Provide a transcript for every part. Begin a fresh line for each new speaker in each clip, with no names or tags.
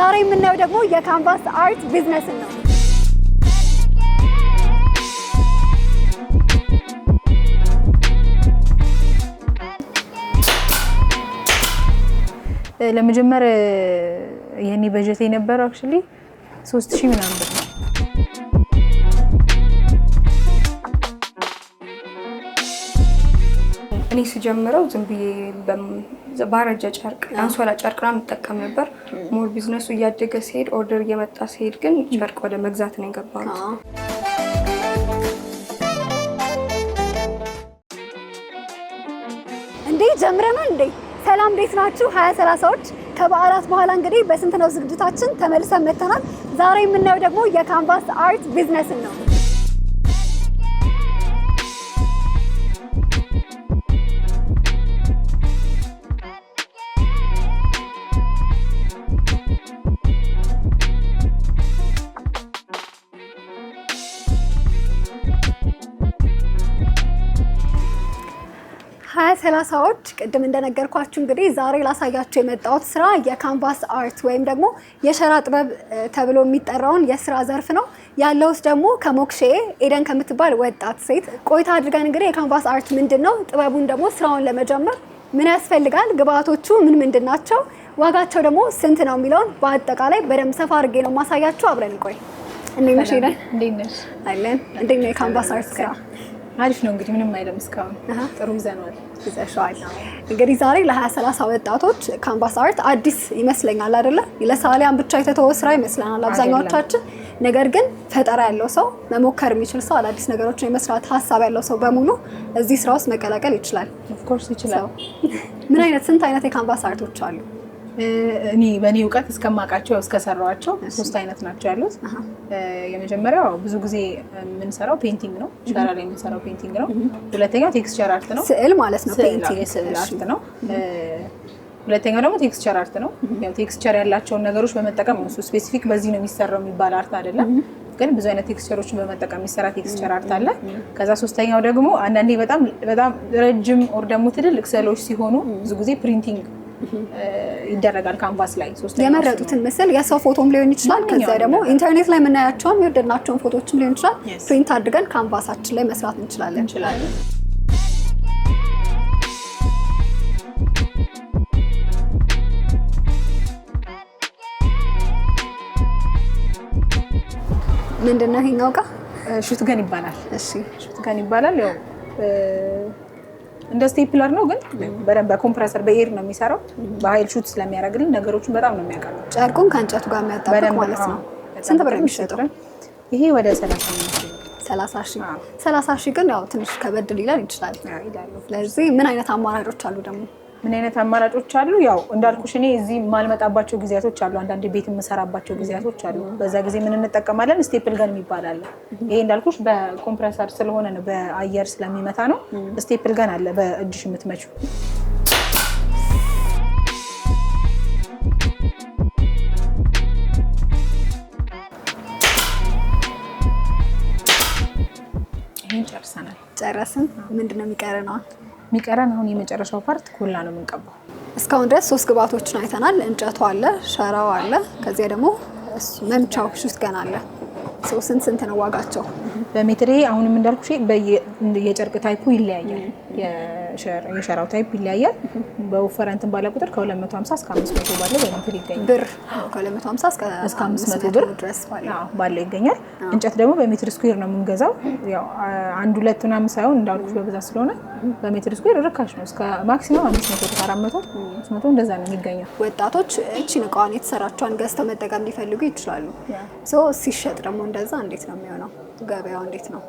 ዛሬ የምናየው ደግሞ የካንቫስ አርት ቢዝነስን ነው። ለመጀመር የኔ በጀት የነበረው አክቹዋሊ ሶስት ሺህ ምናምን
ጀምረው ዝም ብዬ ባረጀ ጨርቅ አንሶላ ጨርቅና የምጠቀም ነበር። ሞር ቢዝነሱ እያደገ ሲሄድ ኦርደር እየመጣ ሲሄድ ግን ጨርቅ ወደ መግዛት ነው የገባሁት።
እንዴ ጀምረናል እንዴ! ሰላም እንዴት ናችሁ? ሀያ ሰላሳዎች ከበዓላት በኋላ እንግዲህ በስንት ነው ዝግጅታችን ተመልሰን መተናል። ዛሬ የምናየው ደግሞ የካንቫስ አርት ቢዝነስን ነው። ሰላሳዎች ቅድም እንደነገርኳችሁ እንግዲህ ዛሬ ላሳያችሁ የመጣሁት ስራ የካንቫስ አርት ወይም ደግሞ የሸራ ጥበብ ተብሎ የሚጠራውን የስራ ዘርፍ ነው ያለሁት ደግሞ ከሞክሼ ኤደን ከምትባል ወጣት ሴት ቆይታ አድርገን እንግዲህ የካንቫስ አርት ምንድን ነው፣ ጥበቡን ደግሞ ስራውን ለመጀመር ምን ያስፈልጋል፣ ግብአቶቹ ምን ምንድን ናቸው፣ ዋጋቸው ደግሞ ስንት ነው የሚለውን በአጠቃላይ በደንብ ሰፋ አድርጌ ነው ማሳያችሁ። አብረን ቆይ። እንዴት ነሽ ኤደን? እንዴት ነሽ? አለን። እንዴት ነው የካንቫስ አርት ስራ?
አሪፍ ነው እንግዲህ ምንም አይልም እስካሁን ጥሩ ይዘናል ይዘሻዋል
እንግዲህ ዛሬ ለሀያ ሰላሳ ወጣቶች ካንቫስ አርት አዲስ ይመስለኛል አይደለ ለሳሊያን ብቻ የተተወ ስራ ይመስለናል አብዛኛዎቻችን ነገር ግን ፈጠራ ያለው ሰው መሞከር የሚችል ሰው አዳዲስ ነገሮችን የመስራት ሀሳብ ያለው ሰው በሙሉ እዚህ ስራ ውስጥ መቀላቀል ይችላል
ኦፍኮርስ ይችላል
ምን አይነት ስንት አይነት የካንቫስ አርቶች አሉ
እኔ በእኔ እውቀት እስከማውቃቸው እስከሰራኋቸው ሶስት አይነት ናቸው ያሉት። የመጀመሪያው ብዙ ጊዜ የምንሰራው ፔንቲንግ ነው፣ ሸራ ላይ የምንሰራው ፔንቲንግ ነው። ሁለተኛው ቴክስቸር አርት ነው፣
ስዕል ማለት ነው፣
ስዕል አርት ነው። ሁለተኛው ደግሞ ቴክስቸር አርት ነው። ያው ቴክስቸር ያላቸውን ነገሮች በመጠቀም ነው። እሱ ስፔሲፊክ በዚህ ነው የሚሰራው የሚባል አርት አይደለም፣ ግን ብዙ አይነት ቴክስቸሮችን በመጠቀም የሚሰራ ቴክስቸር አርት አለ። ከዛ ሶስተኛው ደግሞ አንዳንዴ በጣም በጣም ረጅም ኦር ደግሞ ትልልቅ ስዕሎች ሲሆኑ ብዙ ጊዜ ፕሪንቲንግ ይደረጋል ካንቫስ ላይ
የመረጡትን ምስል የሰው ፎቶም ሊሆን ይችላል። ከዚያ ደግሞ ኢንተርኔት ላይ የምናያቸውን የወደድናቸውን ፎቶዎችም ሊሆን ይችላል። ፕሪንት አድርገን ካንቫሳችን ላይ መስራት እንችላለን እንችላለን። ምንድን ነው ይሄኛው እቃ?
ሹትገን ይባላል። እሺ ሹትገን ይባላል ያው እንደ ስቴፕለር ነው ግን በደንብ በኮምፕረሰር በኤር ነው የሚሰራው። በሀይል ሹት ስለሚያደርግልን ነገሮችን በጣም ነው የሚያቀርብ።
ጨርቁን ከእንጨቱ ጋር የሚያጣበቅ ማለት ነው። ስንት ብር የሚሸጠው
ይሄ? ወደ ሰላሳ
ሰላሳ ሰላሳ ሺ ግን ያው ትንሽ ከበድ ሊለን ይችላል። ስለዚህ ምን አይነት አማራጮች አሉ ደግሞ?
ምን አይነት አማራጮች አሉ? ያው እንዳልኩሽ እኔ እዚህ ማልመጣባቸው ጊዜያቶች አሉ። አንዳንድ ቤት የምሰራባቸው ጊዜያቶች አሉ። በዛ ጊዜ ምን እንጠቀማለን? ስቴፕል ገን የሚባል ይሄ እንዳልኩሽ በኮምፕረሰር ስለሆነ ነው፣ በአየር ስለሚመታ ነው። ስቴፕል ገን አለ በእጅሽ የምትመችው ጨርሰናል።
ጨረስን። ምንድነው ነው
የሚቀረን አሁን የመጨረሻው ፓርት ኮላ ነው የምንቀባው።
እስካሁን ድረስ ሶስት ግብአቶችን አይተናል። እንጨቱ አለ፣ ሸራው አለ፣ ከዚያ ደግሞ መምቻው ሹት ገና አለ። ስንት ስንት ነው ዋጋቸው?
በሜትሬ አሁንም እንዳልኩሽ የጨርቅ ታይፑ ይለያያል። የሸራው ታይፕ ይለያያል። በወፈረ እንትን ባለ ቁጥር ከ250 እስከ 500 ባለው ወይም ትል ይገኛል።
ብር እስከ
500 ብር ድረስ ባለው ይገኛል። እንጨት ደግሞ በሜትር ስኩዌር ነው የምንገዛው። ያው አንድ ሁለት ምናምን ሳይሆን እንዳልኩሽ በብዛት ስለሆነ በሜትር ስኩዌር ርካሽ ነው። እስከ ማክሲመም 500 400 500 እንደዛ ነው የሚገኘው።
ወጣቶች እቺን እቃዋን የተሰራቸዋን ገዝተው መጠቀም ሊፈልጉ ይችላሉ። ሲሸጥ ደግሞ እንደዛ እንዴት ነው የሚሆነው? ገበያው እንዴት ነው?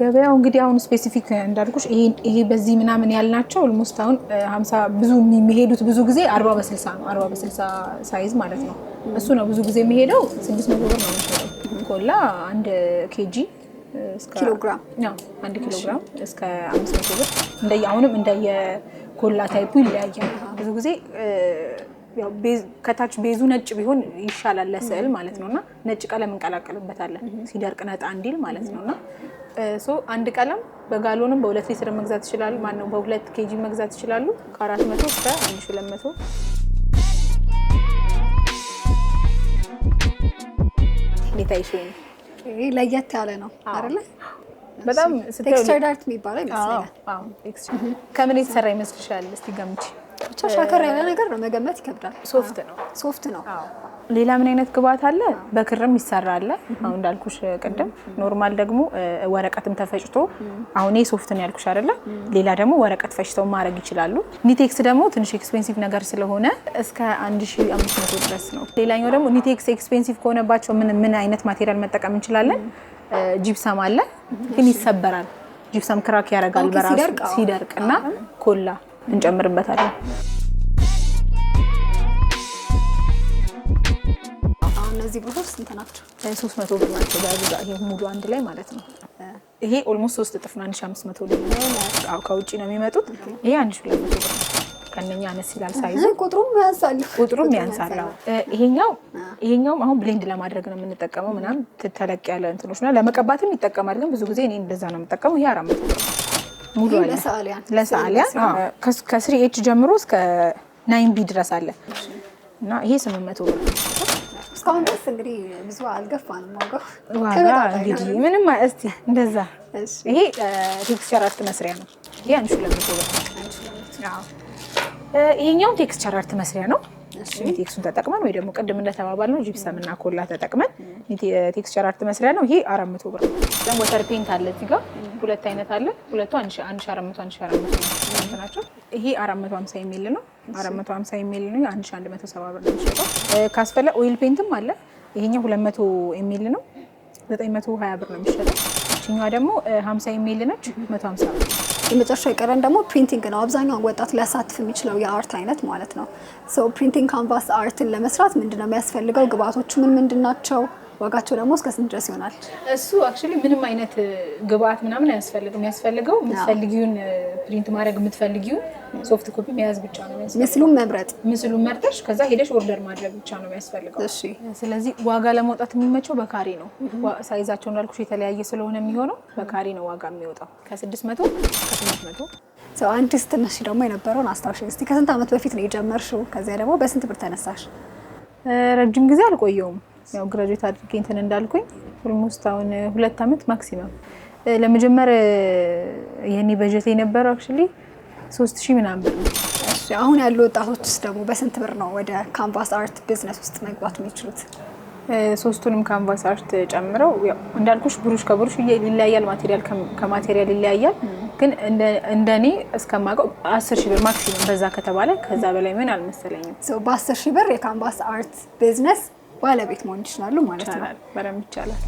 ገበያው እንግዲህ አሁን ስፔሲፊክ እንዳልኩሽ ይሄ በዚህ ምናምን ያልናቸው ኦልሞስት አሁን ሀምሳ ብዙ የሚሄዱት ብዙ ጊዜ አርባ በስልሳ ነው። አርባ በስልሳ ሳይዝ ማለት ነው። እሱ ነው ብዙ ጊዜ የሚሄደው ስድስት መቶ ብር ነው ኮላ አንድ ኬጂ ኪሎግራም አንድ ኪሎግራም እስከ አምስት መቶ ብር እንደየ አሁንም እንደየ ኮላ ታይፑ ይለያያል ብዙ ጊዜ ከታች ቤዙ ነጭ ቢሆን ይሻላል ለስዕል ማለት ነውና ነጭ ቀለም እንቀላቀልበታለን ሲደርቅ ነጣ እንዲል ማለት ነውና አንድ ቀለም በጋሎንም በሁለት ሊትር መግዛት ይችላሉ። ማነው በሁለት ኬጂ መግዛት ይችላሉ። ከአራት መቶ እስከ አንድ ሺህ ሁለት መቶ ጌታ ይሽኝ
ለየት ያለ ነው አለ በጣም ቴክስቸርድ አርት የሚባለው ይመስለኛል። ከምን የተሰራ ይመስልሻል? እስቲ ገምቺ
ብቻ ሻከር ያለ ነገር ነው፣ መገመት ይከብዳል። ሶፍት ነው ሶፍት ነው። ሌላ ምን አይነት ግብዓት አለ? በክርም ይሰራ አለ። አሁን እንዳልኩሽ ቅድም ኖርማል ደግሞ ወረቀትም ተፈጭቶ አሁን ሶፍት ሶፍትን ያልኩሽ አይደለ? ሌላ ደግሞ ወረቀት ፈጭተው ማድረግ ይችላሉ። ኒቴክስ ደግሞ ትንሽ ኤክስፔንሲቭ ነገር ስለሆነ እስከ 1500 ድረስ ነው። ሌላኛው ደግሞ ኒቴክስ ኤክስፔንሲቭ ከሆነባቸው ምን ምን አይነት ማቴሪያል መጠቀም እንችላለን? ጂፕሰም አለ፣ ግን ይሰበራል። ጂፕሰም ክራክ ያደርጋል በራሱ ሲደርቅና ኮላ እንጨምርበታለን።
እነዚህ ብሮች ስንት ናቸው?
ሶስት መቶ ብር ናቸው። በዛ ሙሉ አንድ ላይ ማለት ነው። ይሄ ኦልሞስት ሶስት እጥፍ ነው። አንድ ሺ አምስት መቶ ብር ከውጭ ነው የሚመጡት። ይሄ አንድ ሺ ሁለት መቶ ብር ነው። ከነኛ አነስ ይላል ሳይዙ፣
ቁጥሩም ያንሳል፣
ቁጥሩም ያንሳል። ይሄኛው ይሄኛውም አሁን ብሌንድ ለማድረግ ነው የምንጠቀመው። ምናምን ተለቅ ያለ እንትኖች ለመቀባትም ይጠቀማል፣ ግን ብዙ ጊዜ እኔ እንደዛ ነው የምጠቀመው። ይሄ አራት መቶ ብር ነው።
ሙሉ አለ
ለሰዓሊያን ከስሪ ኤች ጀምሮ እስከ ናይን ቢ ድረስ አለ እና ይሄ ስምንት መቶ ብር
እስካሁን ድረስ እንግዲህ ብዙ አልገፋንም።
ዋጋ እንግዲህ ምንም እስቲ እንደዛ። ይሄ ቴክስቸር አርት መስሪያ ነው። ይሄ አንድ ሺህ ሁለት መቶ ብር። ይሄኛው ቴክስቸር አርት መስሪያ ነው። ቴክሱን ተጠቅመን ወይ ደግሞ ቅድም እንደተባባል ነው ጂፕሰም እና ኮላ ተጠቅመን ቴክስቸር አርት መስሪያ ነው። ይሄ አራት መቶ ብር። ደግሞ ወተር ፔንት አለ እዚህ ጋር ሁለት አይነት አለ። ሁለቱ አንድ ሺህ አራት መቶ አንድ ሺህ አራት መቶ ናቸው። ይሄ አራት መቶ ሀምሳ የሚል ነው። አራት መቶ ሀምሳ የሚል ነው። አንድ ሺህ አንድ መቶ ሰባ ብር ነው የሚሸጠው። ካስፈለ ኦይል ፔንትም አለ። ይሄኛው ሁለት መቶ የሚል ነው። ዘጠኝ መቶ ሀያ ብር ነው የሚሸጠው። ይችኛዋ ደግሞ ሀምሳ የሚል ነች። መቶ ሀምሳ ብር
የመጨረሻ የቀረን ደግሞ ፕሪንቲንግ ነው። አብዛኛውን ወጣት ሊያሳትፍ የሚችለው የአርት አይነት ማለት ነው። ፕሪንቲንግ ካንቫስ አርትን ለመስራት ምንድነው የሚያስፈልገው? ግብአቶቹ ምን ምንድን ናቸው? ዋጋቸው ደግሞ እስከ ስንት ድረስ ይሆናል?
እሱ አክቹዋሊ ምንም አይነት ግብአት ምናምን አያስፈልግም። የሚያስፈልገው የምትፈልጊውን ፕሪንት ማድረግ የምትፈልጊውን ሶፍት ኮፒ መያዝ ብቻ ነው።
ምስሉን መምረጥ
ምስሉን መርጠሽ ከዛ ሄደሽ ኦርደር ማድረግ ብቻ ነው የሚያስፈልገው። እሺ። ስለዚህ ዋጋ ለመውጣት የሚመቸው በካሬ ነው። ሳይዛቸው እንዳልኩሽ የተለያየ ስለሆነ የሚሆነው በካሬ ነው ዋጋ የሚወጣው ከስድስት መቶ እስከ ስምንት
መቶ ሰው አንቺ ስትነሺ ደግሞ የነበረውን አስታውሽ እስኪ። ከስንት ዓመት በፊት ነው የጀመርሽው? ከዚያ ደግሞ በስንት ብር ተነሳሽ?
ረጅም ጊዜ አልቆየውም ያው ግራጁዌት አድርጌ እንትን እንዳልኩኝ ኦልሞስት አሁን ሁለት ዓመት ማክሲመም ለመጀመር የኔ በጀት የነበረው አክቹዋሊ ሶስት ሺህ ምናምን ብር።
አሁን ያሉ ወጣቶች ውስጥ ደግሞ በስንት ብር ነው ወደ ካንቫስ አርት ቢዝነስ ውስጥ መግባት የሚችሉት?
ሶስቱንም ካንቫስ አርት ጨምረው እንዳልኩሽ ብሩሽ ከብሩሽ ይለያያል፣ ማቴሪያል ከማቴሪያል ይለያያል። ግን እንደ እኔ እስከማውቀው አስር ሺህ ብር ማክሲመም በዛ ከተባለ ከዛ በላይ ምን አልመሰለኝም።
በአስር ሺህ ብር የካንቫስ አርት ቢዝነስ ባለቤት መሆን ይችላሉ ማለት ነው።
በደንብ ይቻላል።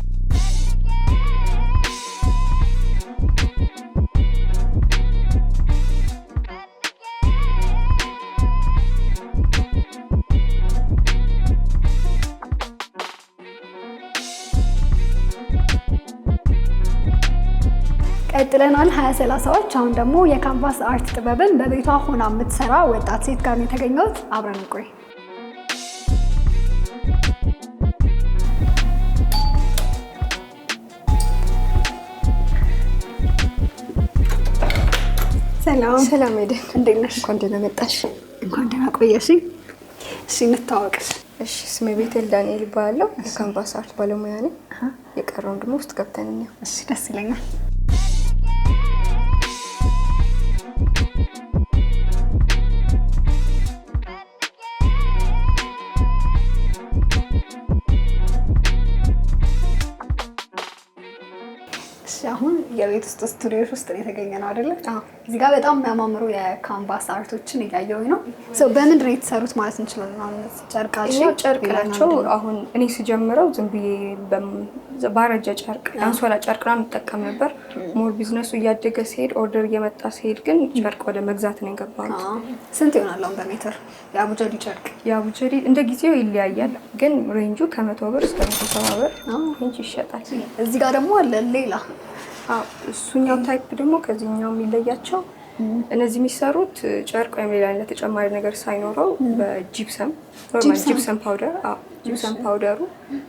ቀጥለናል። ሀያ ሰላሳዎች አሁን ደግሞ የካንቫስ አርት ጥበብን በቤቷ ሆና የምትሰራ ወጣት ሴት ጋር ነው የተገኘሁት። አብረን ቆይ ሰላም ሰላም። ሄደን እንዴት ነሽ?
እንኳን ደህና መጣሽ።
እንኳን ደህና ቆየሽ። እሺ እንታወቅ።
እሺ ስሜ ቤቴል ዳንኤል እባላለሁ። የካንቫስ አርት ባለሙያ ነኝ። የቀረውን ደግሞ ውስጥ ገብተን
እሺ። ደስ ይለኛል። የቤት ውስጥ ስቱዲዮች ውስጥ ነው የተገኘ ነው አይደለ? እዚህ ጋር በጣም የሚያማምሩ የካንቫስ አርቶችን እያየሁኝ ነው። በምንድን ነው የተሰሩት ማለት እንችላለን?
ጨርቅ ናቸው። አሁን እኔ ስጀምረው ዝም ብዬ ባረጀ ጨርቅ አንሶላ ጨርቅ ነው የምጠቀም ነበር። ሞር ቢዝነሱ እያደገ ሲሄድ፣ ኦርደር እየመጣ ሲሄድ ግን ጨርቅ ወደ መግዛት ነው የገባሁት።
ስንት ይሆናል አሁን በሜትር የአቡጀዲ ጨርቅ?
የአቡጀዲ እንደ ጊዜው ይለያያል፣ ግን ሬንጁ ከመቶ ብር እስከ መቶ ሰባ ብር ይሸጣል።
እዚህ ጋር ደግሞ አለ ሌላ
እሱኛው ታይፕ ደግሞ ከዚህኛው የሚለያቸው እነዚህ የሚሰሩት ጨርቅ ወይም ሌላ አይነት ተጨማሪ ነገር ሳይኖረው በጂፕሰም ጂፕሰም ፓውደር ጂፕሰም ፓውደሩ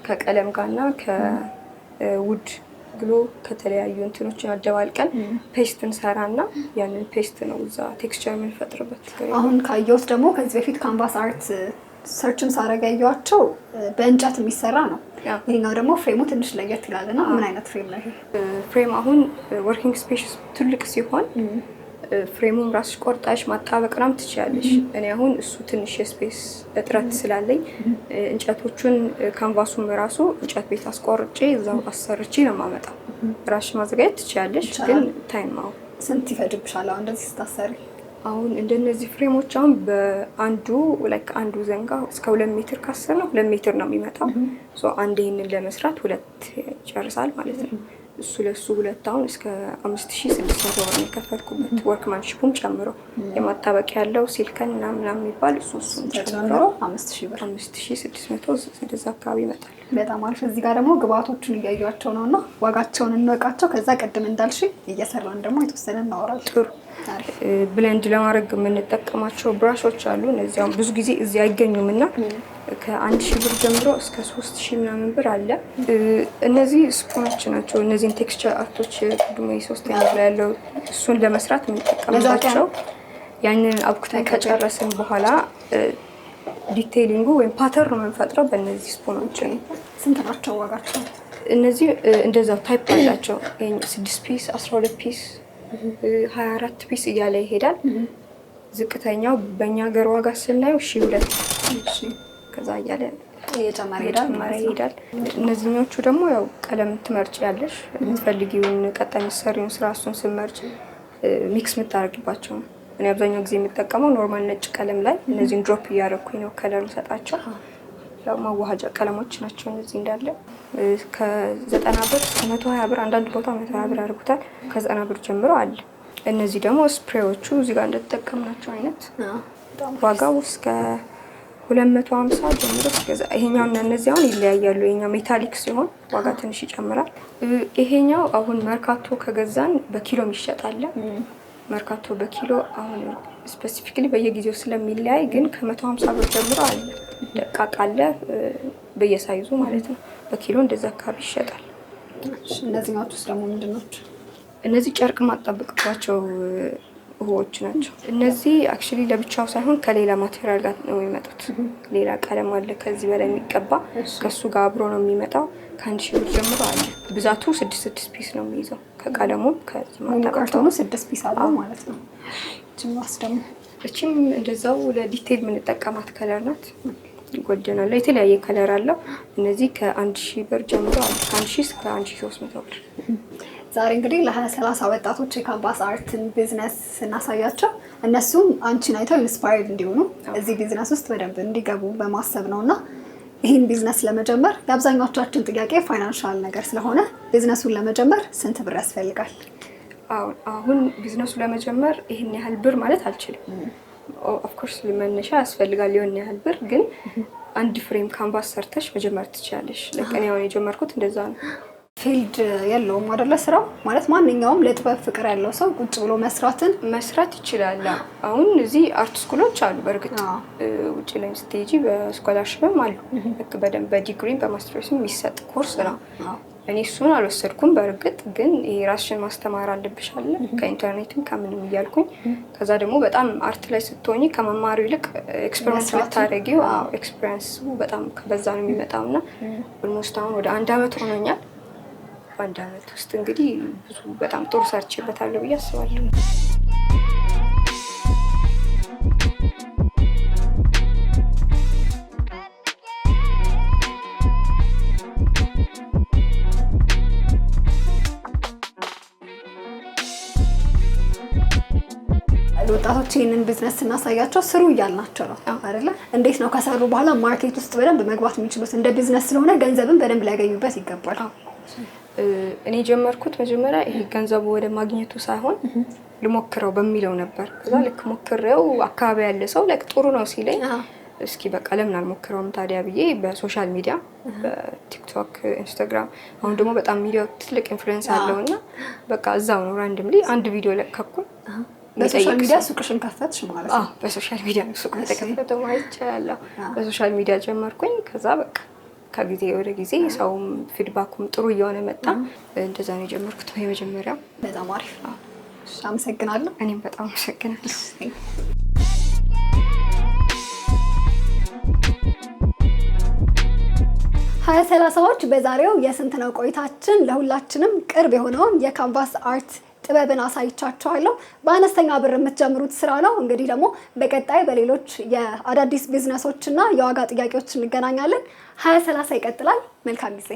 ከቀለም ጋርና ከውድ ብሎ ከተለያዩ እንትኖችን አደባልቀን ፔስት እንሰራና ያንን ፔስት ነው እዛ ቴክስቸር የምንፈጥርበት።
አሁን ካየሁት ደግሞ ከዚህ በፊት ካንቫስ አርት ሰርችም ሳረጋያቸው በእንጨት የሚሰራ ነው ይሄኛው ደግሞ ፍሬሙ ትንሽ ለየት ይላል እና ምን አይነት ፍሬም ነው ይሄ?
ፍሬም አሁን ወርኪንግ ስፔስ ትልቅ ሲሆን ፍሬሙም ራስሽ ቆርጣሽ ማጣበቅ ምናምን ትችላለሽ። እኔ አሁን እሱ ትንሽ የስፔስ እጥረት ስላለኝ እንጨቶቹን ካንቫሱም ራሱ እንጨት ቤት አስቆርጬ እዛው አሰርቼ ነው የማመጣው። ራስሽ ማዘጋጀት ትችላለሽ፣ ግን ታይም ነው።
ስንት ይፈጅብሻል? አሁን እንደዚህ ስታሰሪ
አሁን እንደነዚህ ፍሬሞች አሁን በአንዱ ላይክ አንዱ ዘንጋ እስከ ሁለት ሜትር ካሰር ነው ሁለት ሜትር ነው የሚመጣው። አንድ ይህንን ለመስራት ሁለት ይጨርሳል ማለት ነው። እሱ ለሱ ሁለት አሁን እስከ አምስት ሺ ስድስት መቶ ብር የከፈልኩበት ወርክማንሽፑም ጨምሮ የማጣበቂያ ያለው ሲልከን ና ምናምን የሚባል እሱ እሱም ጨምሮ
አምስት
ሺ ስድስት መቶ ወደዛ አካባቢ ይመጣል።
በጣም አሪፍ። እዚህ ጋር ደግሞ ግብአቶቹን እያዩቸው ነው እና ዋጋቸውን እንወቃቸው። ከዛ ቅድም እንዳልሽ እየሰራን ደግሞ የተወሰነ እናወራል። ጥሩ
ብለንድ ለማድረግ የምንጠቀማቸው ብራሾች አሉ። እነዚያም ብዙ ጊዜ እዚህ አይገኙም እና ከአንድ ሺህ ብር ጀምሮ እስከ ሶስት ሺህ ምናምን ብር አለ። እነዚህ ስፖኖች ናቸው። እነዚህን ቴክስቸር አርቶች ቅድሞ ሶስተኛ ላይ ያለው እሱን ለመስራት የምንጠቀምባቸው ያንን አብኩተን ከጨረስን በኋላ ዲቴይሊንጉ ወይም ፓተር ነው የምንፈጥረው በእነዚህ ስፖኖች ነው።
ስንት ናቸው ዋጋቸው?
እነዚህ እንደዛው ታይፕ አላቸው። ስድስት ፒስ፣ አስራ ሁለት ፒስ፣ ሀያ አራት ፒስ እያለ ይሄዳል። ዝቅተኛው በእኛ ሀገር ዋጋ ስናየው ሺ ሁለት ከዛ እያለ እየጨመረ ይሄዳል። እነዚህኞቹ ደግሞ ያው ቀለም ትመርጭ ያለሽ የምትፈልጊውን ቀጣይ የምትሰሪውን ስራ እሱን ስመርጭ ሚክስ የምታደርግባቸው ነው። እኔ አብዛኛው ጊዜ የምጠቀመው ኖርማል ነጭ ቀለም ላይ እነዚህን ድሮፕ እያደረኩኝ ነው ከለሩ ሰጣቸው። ያው ማዋሃጃ ቀለሞች ናቸው እነዚህ እንዳለ ከዘጠና ብር ከመቶ ሀያ ብር አንዳንድ ቦታ መቶ ሀያ ብር ያደርጉታል። ከዘጠና ብር ጀምሮ አለ። እነዚህ ደግሞ ስፕሬዎቹ እዚህ ጋር እንደተጠቀምናቸው አይነት ዋጋው እስከ 250 መቶ ሀምሳ ጀምሮ እስከዛ ይሄኛውና እነዚህ አሁን ይለያያሉ። ይሄኛው ሜታሊክ ሲሆን ዋጋ ትንሽ ይጨምራል። ይሄኛው አሁን መርካቶ ከገዛን በኪሎም ይሸጣል። መርካቶ በኪሎ አሁን ስፔሲፊክሊ በየጊዜው ስለሚለያይ ግን ከመቶ 150 ብር ጀምሮ አለ። ደቃቅ አለ በየሳይዙ ማለት ነው። በኪሎ እንደዛ አካባቢ ይሸጣል።
እነዚህኛዎች ደግሞ ምንድን ናቸው?
እነዚህ ጨርቅ ማጠብቅባቸው ውሆች ናቸው። እነዚህ አክቹዋሊ ለብቻው ሳይሆን ከሌላ ማቴሪያል ጋር ነው የሚመጡት። ሌላ ቀለም አለ ከዚህ በላይ የሚቀባ ከሱ ጋር አብሮ ነው የሚመጣው። ከአንድ ሺህ ብር ጀምሮ አለ። ብዛቱ ስድስት ስድስት ፒስ ነው የሚይዘው ከቀለሙም
ከማጠቃቀሙ ስድስት ፒስ አለ ማለት ነው። ጅማስ ደግሞ
እችም እንደዛው ለዲቴል የምንጠቀማት ከለር ናት። ጎደናለ የተለያየ ከለር አለው። እነዚህ ከአንድ ሺህ ብር ጀምሮ አለ ከአንድ ሺህ እስከ አንድ ሺህ ሶስት መቶ ብር
ዛሬ እንግዲህ ሰላሳ ወጣቶች የካምፓስ አርትን ቢዝነስ ስናሳያቸው እነሱም አንቺን አይተው ኢንስፓየርድ እንዲሆኑ እዚህ ቢዝነስ ውስጥ በደንብ እንዲገቡ በማሰብ ነው እና ይህን ቢዝነስ ለመጀመር የአብዛኛዎቻችን ጥያቄ ፋይናንሻል ነገር ስለሆነ ቢዝነሱን ለመጀመር ስንት ብር ያስፈልጋል?
አሁን ቢዝነሱ ለመጀመር ይህን ያህል ብር ማለት አልችልም። ኦፍኮርስ መነሻ ያስፈልጋል የሆን ያህል ብር ግን አንድ ፍሬም ካንቫስ ሰርተሽ መጀመር ትችላለሽ። ለቀን የጀመርኩት እንደዛ ነው።
ፊልድ የለውም አይደለ? ስራው ማለት ማንኛውም ለጥበብ ፍቅር ያለው ሰው ቁጭ ብሎ መስራትን
መስራት ይችላል። አሁን እዚህ አርት ስኩሎች አሉ። በእርግጥ ውጭ ላይ ስቴጂ በስኮላርሽፕም አሉ። ልክ በደንብ በዲግሪም በማስተርስም የሚሰጥ ኮርስ ነው። እኔ እሱን አልወሰድኩም። በእርግጥ ግን ይሄ ራስሽን ማስተማር አለብሽ አለ ከኢንተርኔትም ከምንም እያልኩኝ ከዛ ደግሞ በጣም አርት ላይ ስትሆኝ ከመማሩ ይልቅ ኤክስፐሪንስ ብታደረጊው ኤክስፐሪንሱ በጣም በዛ ነው የሚመጣው እና ኦልሞስት አሁን ወደ አንድ አመት ሆኖኛል በአንድ አመት ውስጥ እንግዲህ ብዙ በጣም ጥሩ ሰርቼበታለሁ ብዬ አስባለሁ።
ወጣቶች ይህንን ቢዝነስ ስናሳያቸው ስሩ እያልናቸው ነው አይደለ? እንዴት ነው ከሰሩ በኋላ ማርኬት ውስጥ በደንብ መግባት የሚችሉት? እንደ ቢዝነስ ስለሆነ ገንዘብን በደንብ ሊያገኙበት ይገባል።
እኔ ጀመርኩት መጀመሪያ ይሄ ገንዘቡ ወደ ማግኘቱ ሳይሆን ልሞክረው በሚለው ነበር። ከዛ ልክ ሞክሬው አካባቢ ያለ ሰው ላይክ ጥሩ ነው ሲለኝ እስኪ በቃ ለምን አልሞክረውም ታዲያ ብዬ በሶሻል ሚዲያ በቲክቶክ፣ ኢንስታግራም አሁን ደግሞ በጣም ሚዲያው ትልቅ ኢንፍሉዌንስ አለው እና በቃ እዛው ነው ራንድም ላይ አንድ ቪዲዮ ለቀኩኝ።
በሶሻል ሚዲያ ሱቅሽን ከፈትሽ ማለት
ነው? በሶሻል ሚዲያ ሱቅ ተከፈተ ማይቻ ያለው በሶሻል ሚዲያ ጀመርኩኝ። ከዛ በቃ ከጊዜ ወደ ጊዜ ሰውም ፊድባኩም ጥሩ እየሆነ መጣ። እንደዛ ነው የጀመርኩት የመጀመሪያው።
በጣም አሪፍ ነው። አመሰግናለሁ።
እኔም በጣም አመሰግናለሁ።
ሀያ ሰላሳዎች በዛሬው የስንት ነው ቆይታችን ለሁላችንም ቅርብ የሆነውን የካንቫስ አርት ጥበብን አሳይቻችኋለሁ። በአነስተኛ ብር የምትጀምሩት ስራ ነው። እንግዲህ ደግሞ በቀጣይ በሌሎች የአዳዲስ ቢዝነሶች እና የዋጋ ጥያቄዎች እንገናኛለን። ሀያ ሰላሳ ይቀጥላል። መልካም ጊዜ